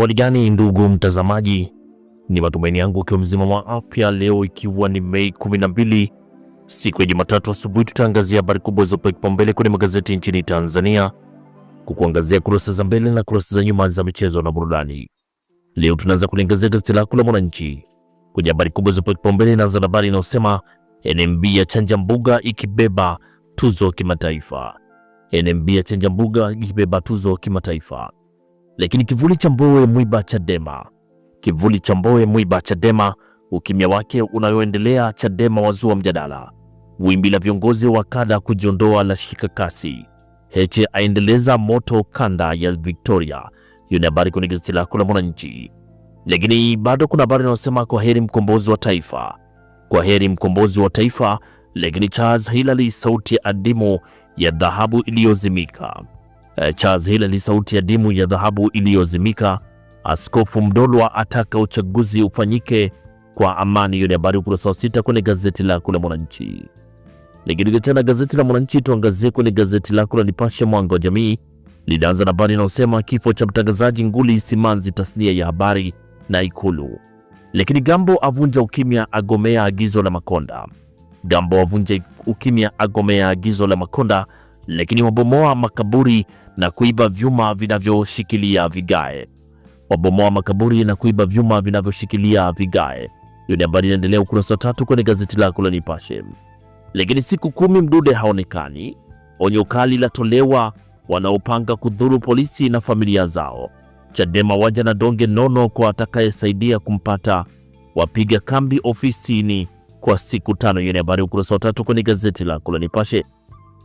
Hali gani ndugu mtazamaji, ni matumaini yangu ukiwa mzima wa afya. Leo ikiwa ni Mei 12 siku ya Jumatatu asubuhi, tutaangazia habari kubwa zilizopewa kipaumbele kwenye magazeti nchini Tanzania, kukuangazia kurasa za mbele na kurasa za nyuma za michezo na burudani. Leo tunaanza kuliangazia gazeti lako la Mwananchi kwenye habari kubwa zilizopewa kipaumbele. Inaanza na habari inayosema NMB ya chanja mbuga ikibeba tuzo kimataifa. NMB ya chanja mbuga ikibeba tuzo kimataifa lakini kivuli cha Mbowe mwiba Chadema, kivuli cha Mbowe mwiba Chadema, ukimya wake unayoendelea. Chadema wazua mjadala, wimbi la viongozi wa kada kujiondoa la shika kasi. Heche aendeleza moto kanda ya Victoria. Hiyo ni habari kwenye gazeti lako la Mwananchi, lakini bado kuna habari inayosema kwa heri mkombozi wa taifa, kwa heri mkombozi wa taifa. Lakini Charles Hilali, sauti ya adimu ya dhahabu iliyozimika Eh, Charles ni sauti ya dimu ya dhahabu iliyozimika. Askofu Mdolwa ataka uchaguzi ufanyike kwa amani. Hiyo ni habari ukurasa wa sita kwenye gazeti lako la Mwananchi. Nikirudi tena gazeti la Mwananchi, tuangazie kwenye gazeti lako la Nipashe mwanga wa jamii, linaanza na habari inayosema kifo cha mtangazaji nguli simanzi tasnia ya habari na Ikulu. Lakini Gambo avunja ukimya, agomea agizo la Makonda. Gambo avunja ukimya, agomea agizo la Makonda lakini wabomoa makaburi na kuiba vyuma vinavyoshikilia vigae. Wabomoa makaburi na kuiba vyuma vinavyoshikilia vigae. Hiyo ni habari inaendelea ukurasa wa tatu kwenye gazeti lako la Nipashe. Lakini siku kumi Mdude haonekani, onyo kali latolewa wanaopanga kudhuru polisi na familia zao. Chadema waja na donge nono kwa atakayesaidia kumpata, wapiga kambi ofisini kwa siku tano. Hiyo ni habari ukurasa wa tatu kwenye gazeti lako la Nipashe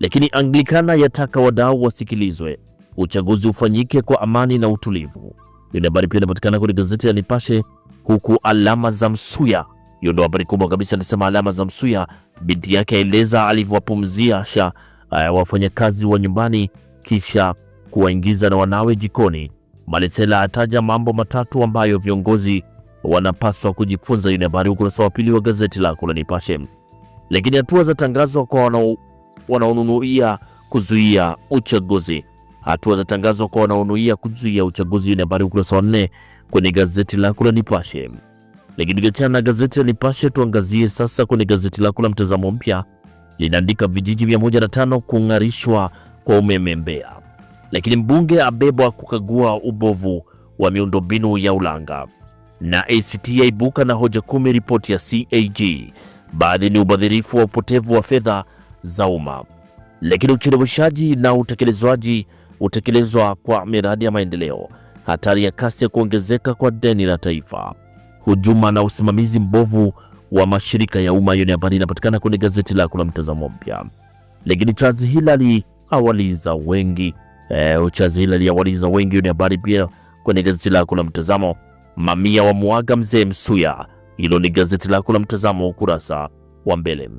lakini Anglikana yataka wadau wasikilizwe, uchaguzi ufanyike kwa amani na utulivu. Ndio habari pia inapatikana kwenye gazeti la Nipashe, huku alama za Msuya, hiyo ndio habari kubwa kabisa. Anasema alama za Msuya, binti yake aeleza alivyowapumzisha uh, wafanyakazi wa nyumbani kisha kuwaingiza na wanawe jikoni. Maletela ataja mambo matatu ambayo viongozi wanapaswa kujifunza. Hiyo ni habari ukurasa wa pili wa gazeti lako la Nipashe. Lakini hatua za tangazo kwa wanao wanaonuia kuzuia uchaguzi. Hatua zatangazwa kwa wanaonuia kuzuia uchaguzi, ni habari ukurasa wa nne kwenye gazeti lako la Nipashe. Lakini kachana na gazeti la Nipashe, tuangazie sasa kwenye gazeti lako la Mtazamo Mpya, linaandika vijiji 105 kung'arishwa kwa umeme Mbeya, lakini mbunge abebwa kukagua ubovu wa miundombinu ya Ulanga na ACT yaibuka na hoja kumi ripoti ya CAG. Baadhi ni ubadhirifu wa upotevu wa fedha za umma, lakini ucheleweshaji na utekelezwaji utekelezwa kwa miradi ya maendeleo, hatari ya kasi ya kuongezeka kwa deni la taifa, hujuma na usimamizi mbovu wa mashirika ya umma. Hiyo ni habari inapatikana kwenye gazeti lako la Mtazamo Mpya. Lakini Charles Hilali awaliza wengi e, eh, Charles Hilali awaliza wengi. Hiyo ni habari pia kwenye gazeti lako la Mtazamo. Mamia wa mwaga mzee Msuya, hilo ni gazeti lako la Mtazamo ukurasa wa mbele.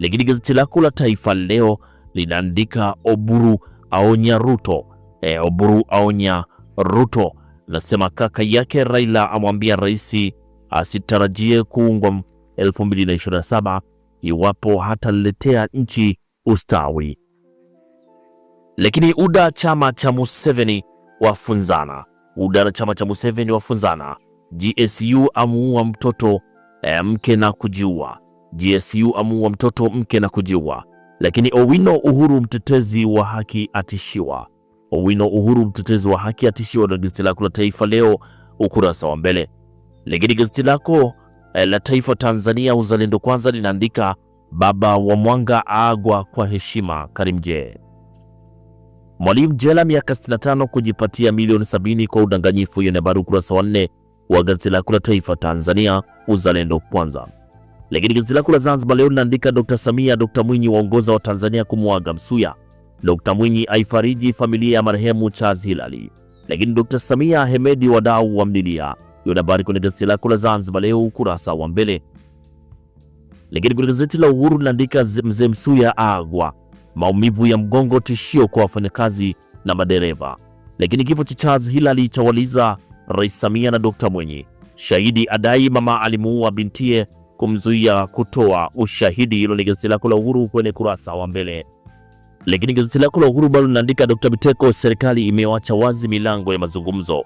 Lakini gazeti lako la Taifa Leo linaandika Oburu aonya Ruto. E, Oburu aonya Ruto, nasema kaka yake Raila amwambia rais asitarajie kuungwa 2027 iwapo hataletea nchi ustawi. Lakini UDA chama cha Museveni wafunzana, UDA na chama cha Museveni wafunzana. GSU amuua mtoto eh, mke na kujiua. GSU amuua mtoto mke na kujiua, lakini Owino Uhuru mtetezi wa haki atishiwa. Owino Uhuru mtetezi wa haki atishiwa na gazeti lako la Taifa Leo ukurasa wa mbele. Lakini gazeti lako eh, la Taifa Tanzania Uzalendo Kwanza linaandika baba wa Mwanga aagwa kwa heshima Karimjee. Mwalimu jela miaka 65 kujipatia milioni 70 kwa udanganyifu. Hiyo ni habari ukurasa wa nne wa gazeti lako la Taifa Tanzania Uzalendo Kwanza. Lakini gazeti lako la Zanzibar leo linaandika Dr. Samia, Dr. Mwinyi waongoza wa Tanzania kumwaga Msuya. Dr. Mwinyi aifariji familia ya marehemu Charles Hilali. Lakini Dr. Samia Hemedi wadau wa mdilia. Hiyo habari kwenye gazeti lako la Zanzibar leo ukurasa wa mbele. Lakini kwenye gazeti la Uhuru linaandika mzee Msuya agwa. Maumivu ya mgongo tishio kwa wafanyakazi na madereva. Lakini kifo cha Charles Hilali chawaliza Rais Samia na Dr. Mwinyi. Shahidi adai mama alimuua bintie kumzuia kutoa ushahidi. Hilo ni gazeti lako la Uhuru kwenye kurasa wa mbele. Lakini gazeti lako la Uhuru bado linaandika Dr. Biteko, serikali imewacha wazi milango ya mazungumzo.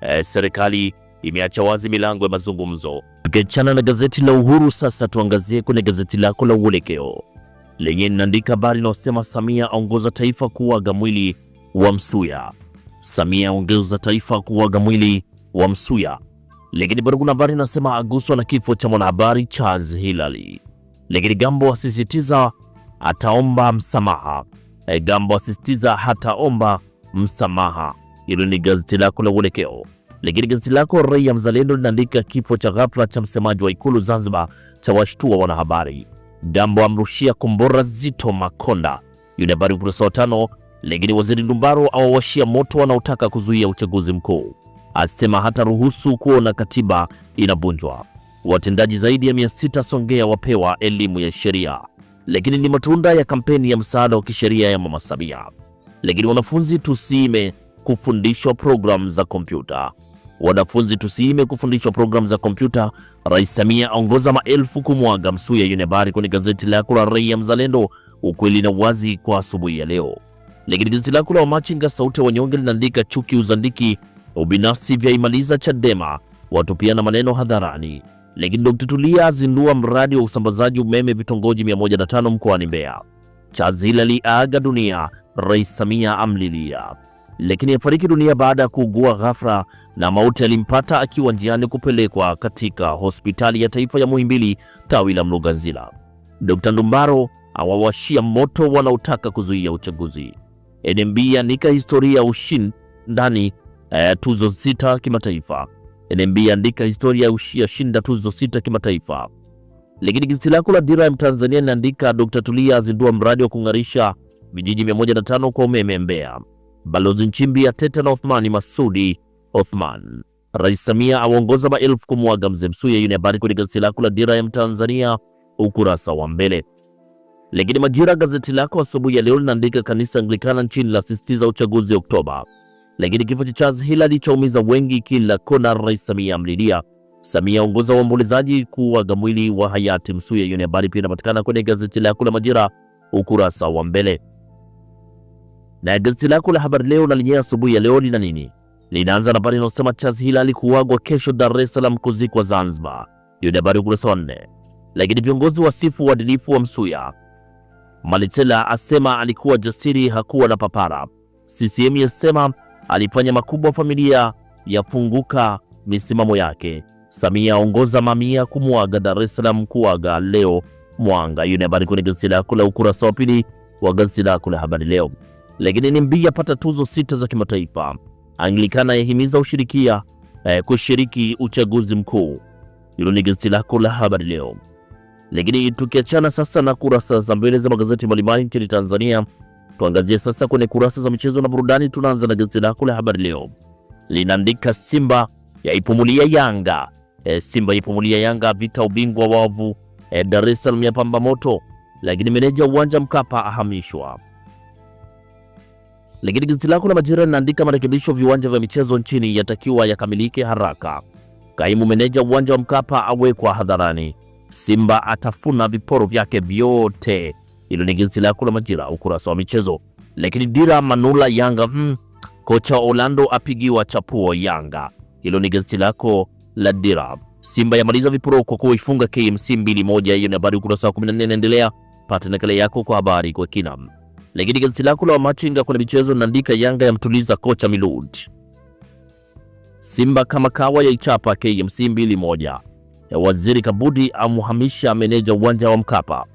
E, serikali imeacha wazi milango ya mazungumzo. Tukiachana na gazeti la Uhuru sasa tuangazie kwenye gazeti lako la Uelekeo lenye linaandika habari inayosema Samia aongoza taifa kuaga mwili wa Msuya. Samia aongoza taifa kuaga mwili wa Msuya. Lakini bado kuna habari inasema aguswa na kifo cha mwanahabari Charles Hilary. Lakini Gambo asisitiza ataomba msamaha. E, Gambo asisitiza hataomba msamaha. Hilo ni gazeti lako la Uelekeo. Lakini gazeti lako Raia Mzalendo linaandika kifo cha ghafla cha msemaji wa ikulu Zanzibar cha washtua wanahabari. Gambo amrushia kombora zito Makonda. Yule habari ukurasa wa tano. Lakini waziri Ndumbaro awawashia moto wanaotaka kuzuia uchaguzi mkuu asema hataruhusu kuona katiba inavunjwa. Watendaji zaidi ya sita Songea wapewa elimu ya sheria. Lakini ni matunda ya kampeni ya msaada wa kisheria ya Mama Samia. Lakini wanafunzi tusiime kufundishwa programu za kompyuta. Wanafunzi tusiime kufundishwa programu za kompyuta. Rais Samia aongoza maelfu kumwaga Msuya. Yunebari kwenye gazeti lako la Raia Mzalendo, ukweli na uwazi kwa asubuhi ya leo. Lakini gazeti lako la Wamachinga Sauti ya Wanyonge linaandika chuki, uzandiki ubinafsi vyaimaliza Chadema, na maneno hadharani. Lakini Dkt. Tulia azindua mradi wa usambazaji umeme vitongoji 105 mkoani Mbeya. Chazilali aaga dunia, Rais Samia amlilia. Lakini afariki dunia baada ya kuugua ghafla na mauti alimpata akiwa njiani kupelekwa katika hospitali ya taifa ya Muhimbili tawi la Mloganzila. Dkt. Ndumbaro awawashia moto wanaotaka kuzuia uchaguzi. NMB anika historia ya ushindani eh, tuzo sita kimataifa. NMB andika historia ya shinda tuzo sita kimataifa. Lakini gazeti lako la Dira ya Mtanzania linaandika Dr. Tulia azindua mradi wa kung'arisha vijiji 105 kwa umeme Mbeya. Balozi Nchimbi ya ateta na Othmani Masudi Othman. Rais Samia awaongoza maelfu kumwaga mzee Msuya. Hiyo ni habari kwenye gazeti lako la Dira ya Mtanzania ukurasa wa mbele. Lakini Majira gazeti lako asubuhi ya leo linaandika kanisa Anglikana nchini la sisitiza uchaguzi Oktoba lakini kifo cha Charles Hilary chaumiza wengi kila kona. Rais Samia amlilia. Samia ongoza waombolezaji kuaga mwili wa hayati Msuya. Hiyo ni habari pia inapatikana kwenye gazeti lako la Majira ukurasa wa mbele, na gazeti lako la Habari Leo na lenyewe asubuhi ya leo lina nini? Linaanza na habari inayosema Charles Hilary kuagwa kesho Dar es Salaam, kuzikwa Zanzibar. Hiyo ni habari ukurasa wa nne. Lakini viongozi wasifu uadilifu wa Msuya. Malitela asema alikuwa jasiri, hakuwa na papara. CCM yasema alifanya makubwa, familia yafunguka misimamo yake. Samia aongoza mamia kumwaga Dar es Salaam, kuaga leo Mwanga. Hiyo ni habari kwenye gazeti lako la ukurasa wa pili wa gazeti lako la habari leo. Lakini ni mbia pata tuzo sita za kimataifa. Anglikana yahimiza ushirikia eh, kushiriki uchaguzi mkuu. Hilo ni gazeti lako la habari leo. Lakini tukiachana sasa na kurasa za mbele za magazeti mbalimbali nchini Tanzania Tuangazie sasa kwenye kurasa za michezo na burudani. Tunaanza na gazeti lako la Habari Leo, linaandika Simba yaipumulia Yanga. E, Simba yaipumulia Yanga vita ubingwa wavu. E, Dar es Salaam yapamba moto, lakini meneja uwanja Mkapa ahamishwa. Lakini gazeti lako la Majira linaandika marekebisho viwanja vya michezo nchini yatakiwa yakamilike haraka. Kaimu meneja uwanja wa Mkapa awekwa hadharani. Simba atafuna viporo vyake vyote. Hilo ni gazeti lako la Majira ukurasa wa michezo. Lakini Dira Manula Yanga, hmm, kocha Orlando apigiwa chapuo Yanga. Hilo ni gazeti lako la Dira. Simba yamaliza vipuro kwa kuifunga KMC mbili moja. Hiyo ni habari ukurasa wa 14 inaendelea. Pata nakala yako kwa habari kwa kina. Lakini gazeti lako la Wamachinga kuna michezo naandika Yanga yamtuliza kocha Milud. Simba kama kawa yaichapa KMC mbili moja. Ya waziri Kabudi amhamisha meneja uwanja wa Mkapa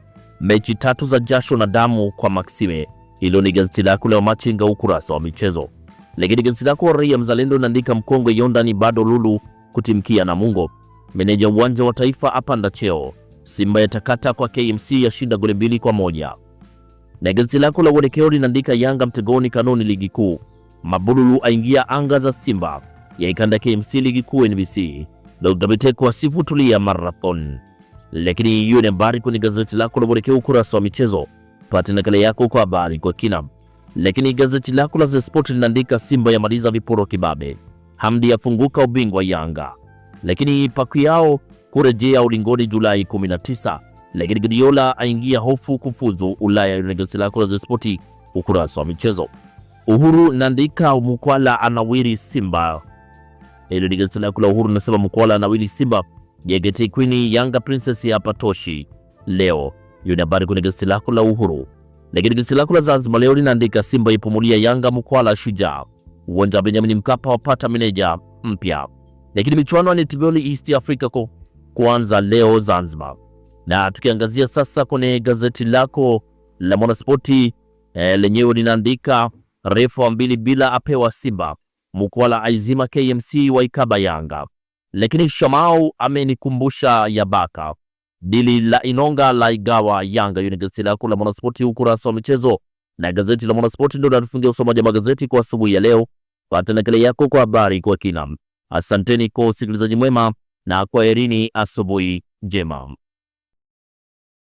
mechi tatu za jasho na damu kwa Maxime. Hilo ni gazeti lako la Machinga, ukurasa wa michezo. Lakini gazeti lako Raia Mzalendo linaandika mkongwe Yondani bado lulu kutimkia Namungo, meneja uwanja wa taifa apanda cheo, Simba yatakata kwa KMC yashinda goli mbili kwa moja. Na gazeti lako la Uelekeo linaandika Yanga mtegoni kanuni ligi kuu, Mabululu aingia anga za Simba yaikanda KMC ligi kuu NBC, Dr. Biteko asifu tulia marathon lakini hiyo ni habari kwenye gazeti lako la Mwelekeo ukurasa wa michezo, pata nakala yako kwa habari kwa kina. Lakini gazeti lako la The Sport linaandika Simba yamaliza viporo kibabe, Hamdi afunguka ubingwa Yanga, lakini paku yao kurejea ulingoni Julai 19, lakini Guardiola aingia hofu kufuzu Ulaya. Gazeti lako la The Sport ukurasa wa michezo. Uhuru naandika Mkwala anawiri Simba. Hilo ni gazeti lako la Uhuru nasema Mkwala anawiri Simba JKT Queen Yanga Princess hapatoshi leo. Hiyo ni habari kwenye gazeti lako la Uhuru. Lakini gazeti lako la Zanzibar leo linaandika Simba ipumulia Yanga mkwala shujaa, uwanja wa Benjamin Mkapa wapata meneja mpya. Lakini michuano ya netball East Africa ko kuanza leo Zanzibar. Na tukiangazia sasa kwenye gazeti lako la Mwanaspoti e, lenyewe linaandika refa mbili bila apewa Simba, mkwala aizima KMC waikaba Yanga lakini Shamau amenikumbusha Yabaka, dili la Inonga la igawa Yanga. Hiyo ni gazeti lako la Mwanaspoti ukurasa wa michezo, na gazeti la Mwanaspoti ndio linatufungia usomaji wa magazeti kwa asubuhi ya leo. Pata nakala yako kwa habari kwa kina. Asanteni kwa usikilizaji mwema na kwaherini, asubuhi njema.